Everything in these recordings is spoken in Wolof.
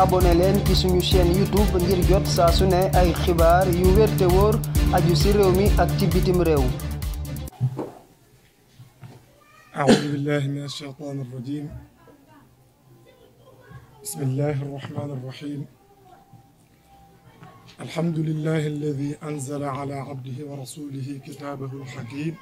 abonné leen ci suñu chaîne YouTube ngir jot saa su ne ay xibaar yu wér te wóor aju ci réew mi ak ci bitim réew. أعوذ بالله من الشيطان الرجيم بسم الله الرحمن الرحيم الحمد لله الذي أنزل على عبده ورسوله كتابه الحكيم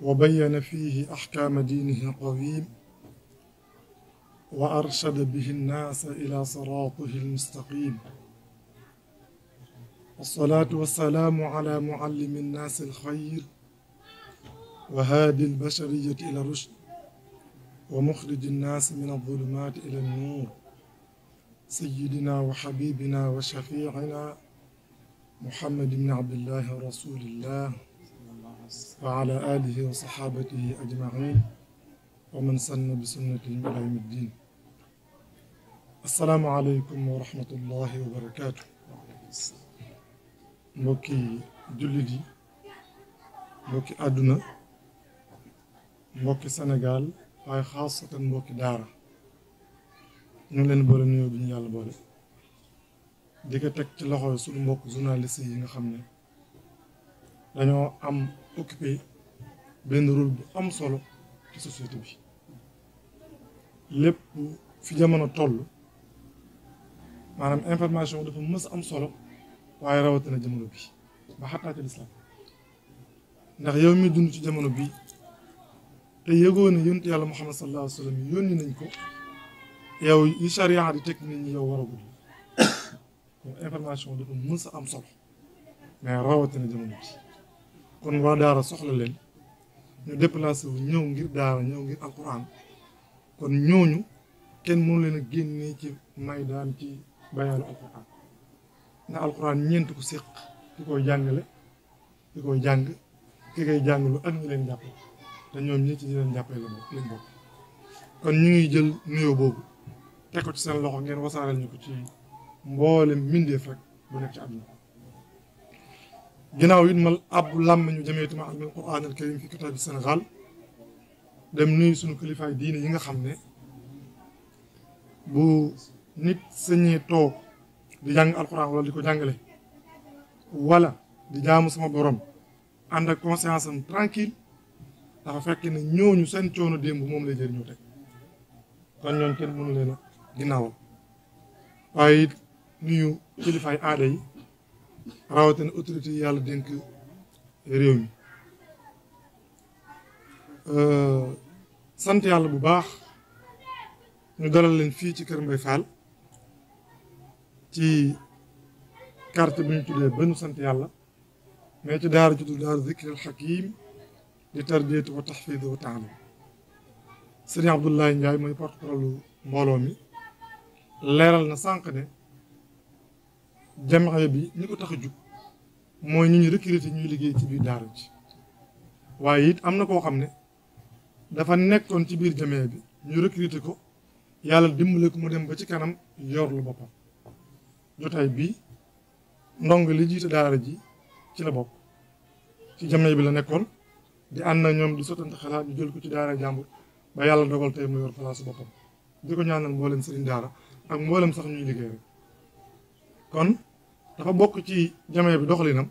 وبين فيه أحكام دينه القويم wa arshada bihi nnaasa ilaa siraatihi almustaqiim wassalaatu wassalaamu alaa muallimi nnaasi alxayr wa haadi albashariyati ila rushd wa muxriji nnaasi min alzulumaati ila nnuur sayyidinaa wa xabiibinaa wa shafiicinaa Muhammad ibn Abdillahi wa rasulillah wa ala aalihi wa saxaabatihi ajmaciin wa man sanna bi sunnatin ilaa yawmi ddiin asalaamualeykum wa rahmatullahi wa barakaatu mbokki jullit yi mbokki àdduna mbokki senegal waaye xaasatan mbokki daara ñu ngi leen boole nuyoo bi ñu yàlla boole di ko teg ci loxo suñu mbokk journaliste yi nga xam ne dañoo am occupé benn rôle bu am solo ci société bi lépp fi jamono toll maanaam information dafa mës am solo waaye rawatina jamono bi ba xataa ci lislaam ndax yow mi dund ci jamono bi te yëgoo ne yonent yàlla muhammad sallallahu alayhi wa sallam yónni nañ ko yow yi charia di teg nit ñi yow waragul kon information dafa am solo mais rawatina jamono bi waa daara soxla leen ñu déplacé ñëw ngir daara ñëw ngir alquran kon ñooñu kenn mënu leen a génnee ci may daan ci bayaanu alquran ndax alquran ñeent ko séq ki koy jàngale ki koy jàng ki koy jàngalu ak ñi leen jàppale te ñoom ñi ci ñi leen jàppale la leen kon ñu ngi jël nuyoo boobu teg ko ci seen loxo ngeen wasaaral ñu ko ci mboolem mbindeef rek bu nekk ci àdduna ginnaaw it ma ab làmm ñu jëmee tuma al quran al karim fi kitabi Sénégal dem nuyu suñu kilifaay diine yi nga xam ne bu nit sañee toog di jàng alxuraan wala di ko jàngale wala di jaamu sama borom ànd ak conscience am tranquille dafa fekk ne ñooñu seen coono démb moom lay jëriñoo teg kon ñooñu kenn mënu leen a ginnaawal waaye it nuyu kilifaay aada yi rawatina autorité yàlla dénk réew mi euh, sant yàlla bu baax ñu dalal leen fii ci kër Mbaye Fall ci carte bi ñu tuddee ba nu sant yàlla mais ci daara juddu daara zikril hakim di tarbiyatu wa tahfidu wa taalim sëriñ Abdoulaye mooy porte mbooloo mi leeral na sànq ne jamaaya bi ñi ko tax a mooy ñu ñu recruter ñuy liggéey ci biir daara ji waaye it am na koo xam ne dafa nekkoon ci biir jamaaya bi ñu recruter ko yàlla dimbale ko mu dem ba ci kanam yor lu boppam jotaay bii ndong li jiite daara ji ci la bokk ci jame bi la nekkoon di ànd na ñoom di sottante xalaat ñu jël ko ci daara jàmbur ba yàlla dogal tey mu yor place boppam di ko ñaanal mboolem sëriñ daara ak mboolem sax ñuy liggéey rek kon dafa bokk ci jame bi doxalinam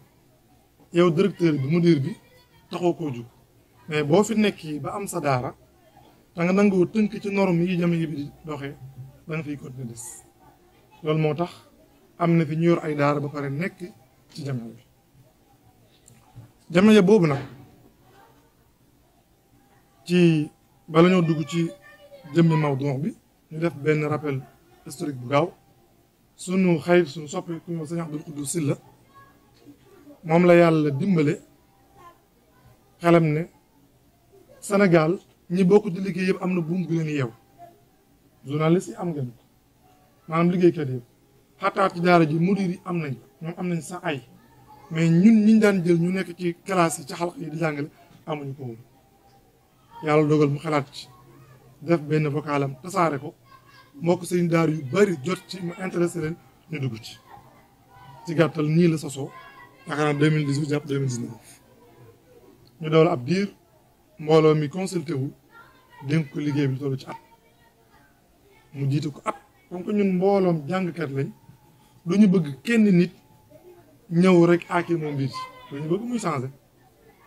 yow directeur bi mu mudir bi taxoo ko jug mais boo fi nekki ba am sa daara da nga nangoo tënk ci norme yi jame bi di doxee da nga fiy des loolu moo tax am na fi ñu yor ay daara ba pare nekk ci jamono bi jamono boobu nag ci bala ñoo dugg ci jëmmi mawduu bi ñu def benn rappel historique bu gaaw sunu xayit sunu soppi ku ñu sëñ Abdul Quddus Silla moom la yàlla dimbale xelam ne Sénégal ñi bokk ci liggéey yëpp am na buum gu leen yeew journaliste yi am ngeen ko maanaam liggéeykat yëpp xataa ci daara ji mudir yi am nañ ñoom am nañ sax ay mais ñun ñi daan jël ñu nekk ci classe yi ci xalq yi di jàngale amuñu ko woon yàlla dogal mu xalaat ci def benn vocalam tasaare ko moo ko seen daar yu bari jot ci mu intéressé leen ñu dugg ci ci gàttal nii la sosoo yaakaar naa 2018 jàpp 2019 ñu dool ab diir mbooloo mi consulté wu dénk ko liggéey bi toll ci at mu jiite ko at comme que ñun mbooloom jàngkat lañ du ñu bëgg kenn nit ñëw rek aaki moom mbir du ñu bëgg muy changé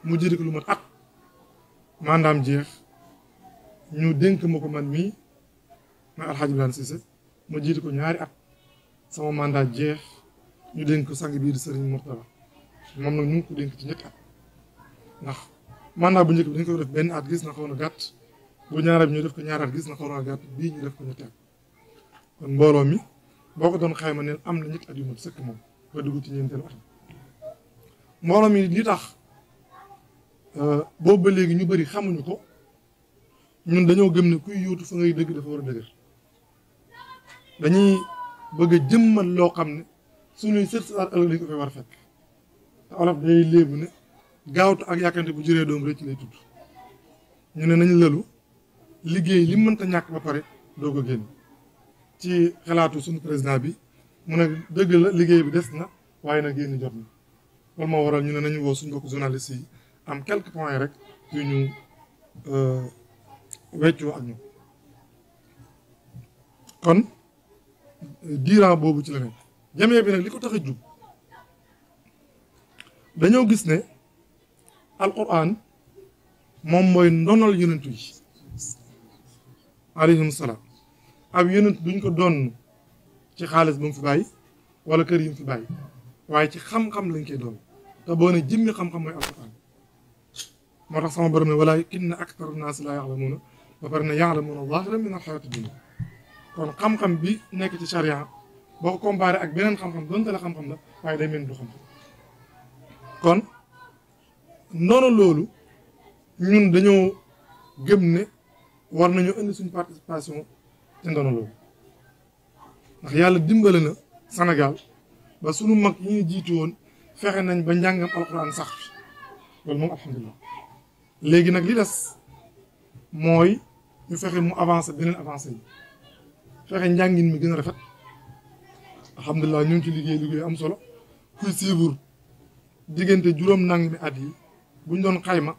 mu jëriñ lu mat at maanaam jeex ñu dénk ma ko man mii ma Alxaaji Biraan Cissé ma jiite ko ñaari at sama mandat jeex ñu dénk ko sang bii di sëriñ Mourtala moom nag ñu ngi ko dénk ci at ndax mandat bu njëkk bi dañ ko def benn at gis na xaw na gàtt bu ñaareel bi ñu def ko ñaari at gis na xaw na gàtt bii ñu def ko ñetti at mbooloo mi boo ko doon xayma ne am na ñetti at yu mat sëkk moom ba dugg ci ñeenteelu yi mbooloo mi li tax euh, boobu ba léegi ñu bëri xamuñu ko ñun dañoo gëm ne kuy yóotu fa ngay dëgg dafa war a dëgër dañuy bëgg a jëmmal loo xam ne suñuy sët saat ëllëg dañ ko fay war a fekk te olof day léebu ne gaawtu ak yàkkante bu juree doom rek ci lay tudd ñu ne nañ lëlu liggéey li mënta ñàkk ba pare doo ko génn ci xalaatu suñu président bi mu ne dëgg la liggéey bi des na waaye nag yéen jot na loolu moo waral ñu ne nañu woo suñu ko journaliste yi am quelques points rek yu ñu euh, weccoo ak ñu kon diiran boobu ci la nekk jamee bi nag li ko tax a jub dañoo gis ne alquran moom mooy ndonal yonentu yi alayhim salaam am yonent duñ ko doon ci xaalis bu mu fi wala kër yi mu fi waaye ci xam lañ koy doon boo ne jëmmi xam-xam mooy alquran moo tax sama borom ne walaakinna aktar naas laa yaxlamuuna ba pare ne yaxlamuuna zaahiran min alxayaati dunya kon bi nekk ci charia boo ko ak beneen xam-xam xam-xam la waaye day mel du xam-xam noonu loolu ñun dañoo gëm ne war nañoo indi suñu participation. ci ndono loolu ndax yàlla dimbale na Sénégal ba sunu mag mu ñu jiitu woon fexe nañ ba njàngam alxuraan sax fi moom alhamdulilah léegi nag li des mooy ñu fexe mu avancé beneen avancé yi fexe njàngin mi gën a rafet alhamdulilah ñu ngi ci liggéey liggéey am solo kuy siibur diggante juróom nang mi at yi buñ doon xayma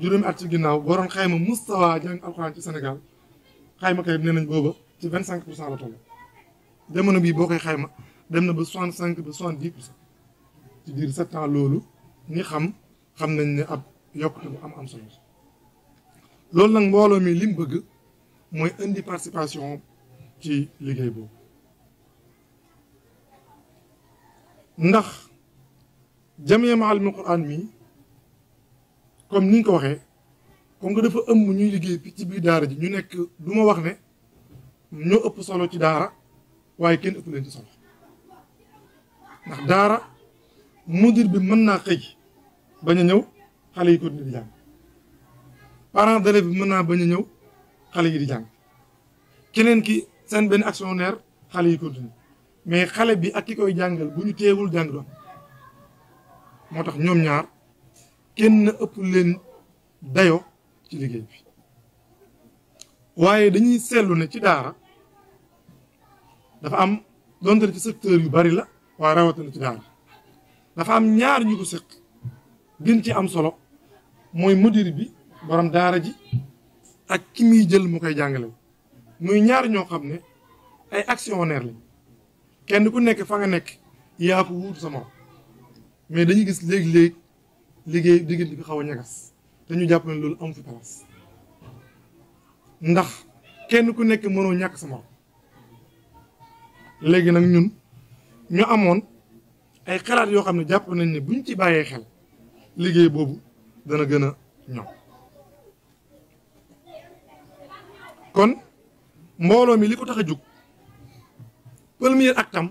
juróomi at ci ginnaaw boo doon xayma mustawa jàng alxuraan ci Sénégal xayma kay nee nañ booba ci vingt cinq pour cent la toll jamono bii boo koy xayma dem na ba soixante cinq ba soixante dix pour cent ci biir sept ans loolu ñi xam xam nañ ne ab yokkute bu am am solo loolu nag mbooloo mi li bëgg mooy indi participation ci liggéey boobu ndax Jamhiya Mahal Qur'an mi comme niñ ko waxee comme que dafa ëmb ñuy liggéey ci bi daara ji ñu nekk du ma wax ne ñoo ëpp solo ci daara waaye kenn ëpp leen ci solo ndax daara mudir bi mën naa xëy bañ a ñëw xale yi continuer di jàng parent d'élève bi mën naa bañ a ñëw xale yi di jàng keneen ki seen benn actionnaire xale yi ko continuer mais xale bi ak ki koy jàngal bu ñu teewul jàng doon moo tax ñoom ñaar kenn ëpp leen dayo ci liggéey bi waaye dañuy seetlu ne ci daara dafa am donte ci secteur yu bari la waaye rawatina ci daara dafa am ñaar ñu ko sëq gën ci am solo mooy mudir bi borom daara ji ak ki muy jël mu koy jàngale muy ñaar ñoo xam ne ay actionnaire lañ kenn ku nekk fa nga nekk yaa ko wuutu sama mais dañuy gis léegi-léegi liggéey diggante bi xaw a ñagas dañu jàpp ne loolu am fu place ndax kenn ku nekk mënoo ñàkk sama léegi nag ñun ñu amoon ay xalaat yoo xam ne jàpp nañ ne buñ ci bàyyee xel liggéey boobu dana gën a ñoom kon mbooloo mi li ko tax a jug premier ak tam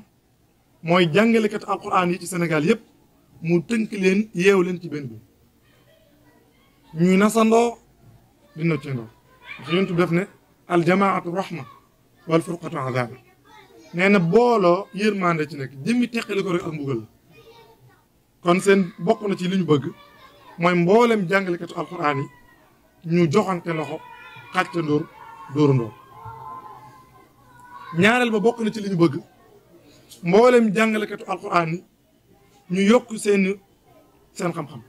mooy jàngalekat alquran yi ci senegal yépp mu tënk leen yeew leen ci benn bi ñuy nasandoo di noccandoo ndax yonent bi def ne aljamaatu rahma wal furqatu azab nee booloo yér yërmande ci nekk jëmmi teqali ko rek ak mbugal la kon seen bokk na ci li ñu bëgg mooy mbooleem jàngalekatu alquran yi ñu joxante loxo xàcca ndóor dóorandoo ñaareel ba bokk na ci li ñu bëgg mbooleem jàngalekatu alquran yi ñu yokk seeni seen xam-xam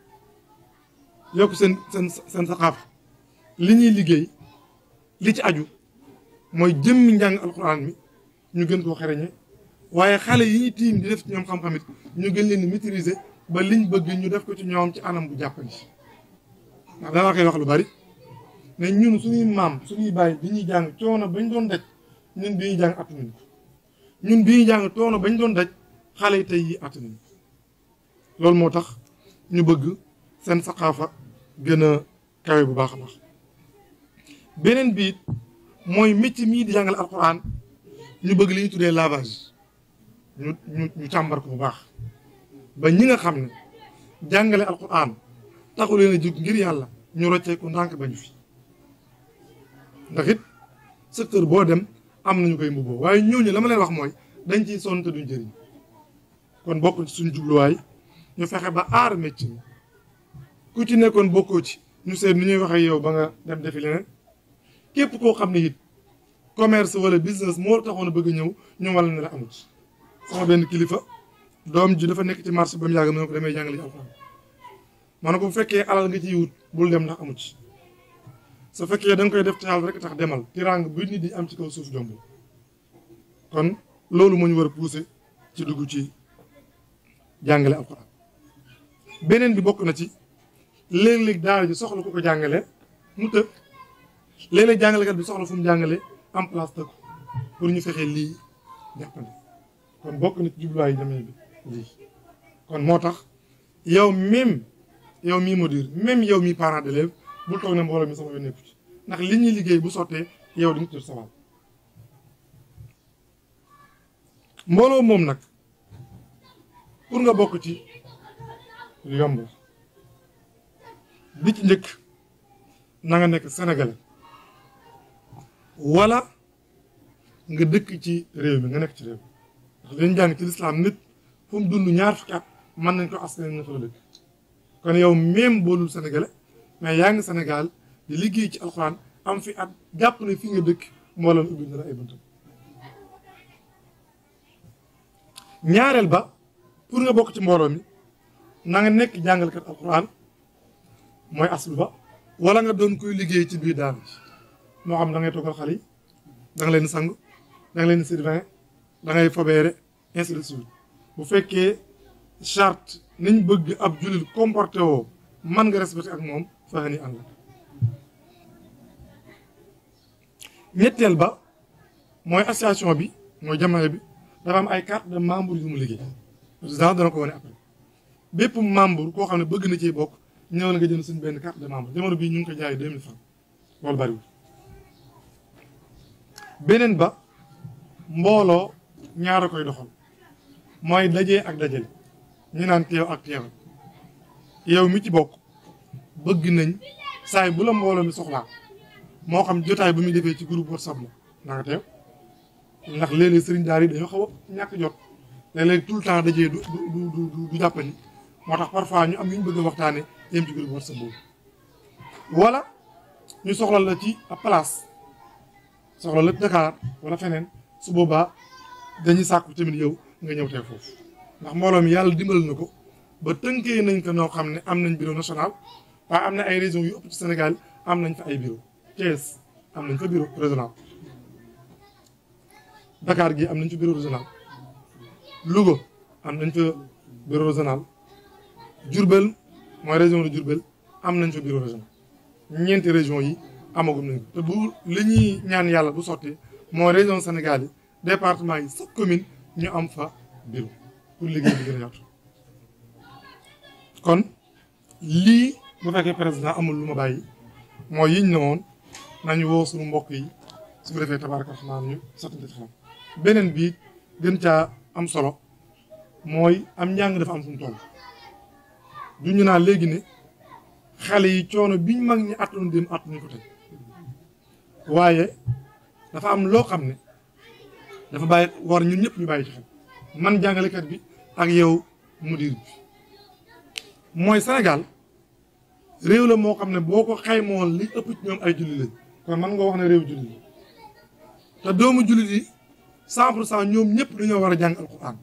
yokk seen seen seen saxaaf li ñuy liggéey li ci aju mooy jëmmi njàng alquran mi ñu gën koo xereñe waaye xale yi ñu tiim di def ci ñoom xam-xamit ñu gën leen di maîtriser ba liñ bëgg ñu def ko ci ñoom ci anam bu jàppandi ndax danaa koy wax lu bari ne ñun suñuy maam suñuy bàyyi bi ñuy jàng toona bañ doon daj ñun bi ñuy ñun bi ñuy bañ doon daj xale yi tey yi attanuñ loolu moo tax ñu bëgg seen saqaafa gën kawe bu baax a beneen biit mooy métier mii di jàngale alxuraan ñu bëgg li ñu tuddee lavage ñu ñu càmbar bu baax ba ñi nga xam ne jàngale al alxuraan taxu leen a jóg ngir yàlla ñu rocceeku ndànk ba ñu fi ndax secteur boo dem am nañu koy mbubboo waaye ñooñu la ma leen wax mooy dañ ci sonn te duñ jëriñ kon bokk ci suñu jubluwaay ñu fexe ba aar métier ku ci nekkoon bokkoo ci ñu seet nu ñuy wax ak yow ba nga dem defi leneen képp koo xam ne it commerce wala business moo taxoon a bëgg ñëw ñu wala ne la amul sama benn kilifa doom ji dafa nekk ci marché ba mu yàgg mu ne ko damay jàngale alxuraan ma ne ko bu fekkee alal nga ciy wut bul dem ndax amu ci su fekkee da koy def ci yàlla rek tax demal tirang bu nit ñi am ci kaw suuf jomb kon loolu moo ñu war a poussé ci dugg ci jàngale alxuraan beneen bi bokk na ci. léeg-léeg daara ji soxla ku ko jàngale mu tëb léeg-léeg jàngalekat bi soxla fu mu jàngale en place tëkku pour ñu fexee lii jàppale kon bokk na ci jubluwaayu bi lii kon moo tax yow même yow mii module même yow mii parent d'élève bu toog ne mbooloo mi sama yoon ci ndax li ñuy liggéey bu sottee yow di nga tudd sawal mbooloo moom nag pour nga bokk ci lu bi ci njëkk na nekk Sénégal wala nga dëkk ci réew mi nga nekk ci réew mi ci lislaam nit fu dund ñaar fukki at mën nañ ko askan na fa dëkk kon yow même boolul sénégalais mais yaa ngi Sénégal di liggéey ci alxuraan am fi at jàpp ne fi nga dëkk moo leen ubbi dara ay buntam ñaareel ba pour nga bokk ci mbooloo mi na nga nekk jàngalkat alxuraan mooy aslu ba wala nga doon kuy liggéey ci biir daara ji moo xam dangay ngay toggal xale yi da leen sang da leen sirvin da ngay fobeere ainsi de bu fekkee chart niñ bëgg ab jullit comporté woo man nga respecté ak moom fexe ni ànd ñetteel ba mooy association bi mooy jamono bi dafa am ay carte de membre yu mu liggéey président dana ko wane après bépp membre koo xam ne bëgg na ci bokk ñëw na nga jënd suñ benn carte de membre jamono bii ñu ngi ko jaayee deux mille francs loolu bariwul beneen ba mbooloo ñaara koy doxal mooy dajee ak dajale ñu naan teew ak teewal yow mi ci bokk bëgg nañ saay bu la mbooloo mi soxlaa moo xam jotaay bu muy defee ci groupe whatsapp la na teew ndax léeg-léeg sëriñ daar yi dañoo xaw a ñàkk jot léeg-léeg tout le temps dajee du du du du jàppani moo tax parfois ñu am yu ñu bëgg a waxtaane yem ci groupe WhatsApp boobu wala ñu soxla la ci a palaas soxla la Dakar wala feneen su boobaa dañuy sàkku tamit yow nga ñëw tey foofu ndax mbooloo mi yàlla dimbal na ko ba tënkee nañ ko noo xam ne am nañ bureau national waaye am na ay régions yu ëpp am nañ fa ay bureau Thiès am nañ fa bureau régional Dakar gi am nañ fa bureau régional Louga am nañ fa bureau régional Diourbel mooy région de Diourbel am nañ fa bureau régional ñeenti région yi amagum nañ te bu li ñuy ñaan yàlla bu sotti mooy région Sénégal yi département yi chaque commune ñu am fa biru pour liggéey bi gën a kon lii bu fekkee président amul lu ma bàyyi mooy yiñ ne woon nañu woo suñu mbokk yi su ko defee tabaaraka raxmaan ñu sotti xam beneen bi gën caa am solo mooy am njàng dafa am fu mu toll du ñu naan léegi ne xale yi coono biñ mag ñi attanu dem attanu ko tey waaye dafa am loo xam ne dafa bàyyi war ñun ñëpp ñu bàyyi ci xel man jàngalekat bi ak yow mudir bi mooy Sénégal réew la moo xam ne boo ko xaymoon li ëpp ñoom ay jullit lañ kon man ngoo wax ne réew jullit yi te doomu jullit yi cent pour cent ñoom ñëpp dañoo war a jàng alquran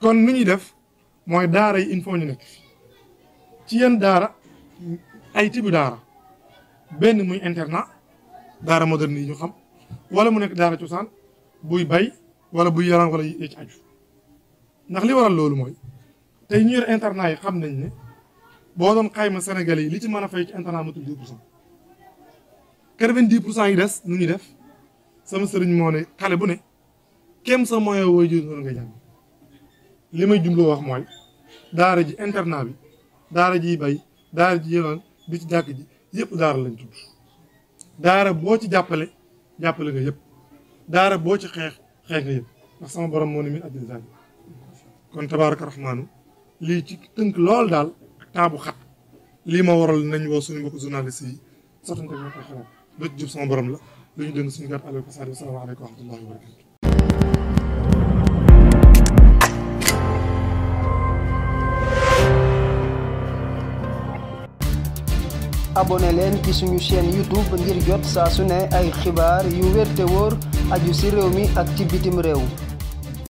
kon nu ñuy def mooy daara yi il faut ñu nekk fi ci yenn daara ay tibu daara benn muy internat daara moderne yi ñu xam wala mu nekk daara cosaan buy bay wala buy yaran wala yi ci aju ndax li waral loolu mooy tey ñu internat yi xam nañ ne boo doon xayma Sénégalais yi li ci mën a fay ci internat matul 10 pour cent 90 pour cent yi des nu ñuy def sama sëriñ moo ne xale bu ne kem sa moyen wooy jur nga jàng li may jumloo wax mooy daara ji internat bi daara ji bay daara ji yoon bi ci jàkk ji yépp daara lañ tudd daara boo ci jàppale jàppale nga yëpp daara boo ci xeex xeex nga yëpp ndax sama borom moo ne min ajjil zaaji kon tabaaraka rahmaanu lii ci tënk lool daal taabu xat lii ma waral nañ woo suñu mbokk journaliste yi soxna ko xalaat ba ci jub sama borom la lu ñu dëng suñu gàtt aleykum salaam wa wax wa barakatu abonné leen ci suñu chaîne YouTube ngir jot saa su ne ay xibaar yu wér wóor aju ci réew mi ak ci bitim réew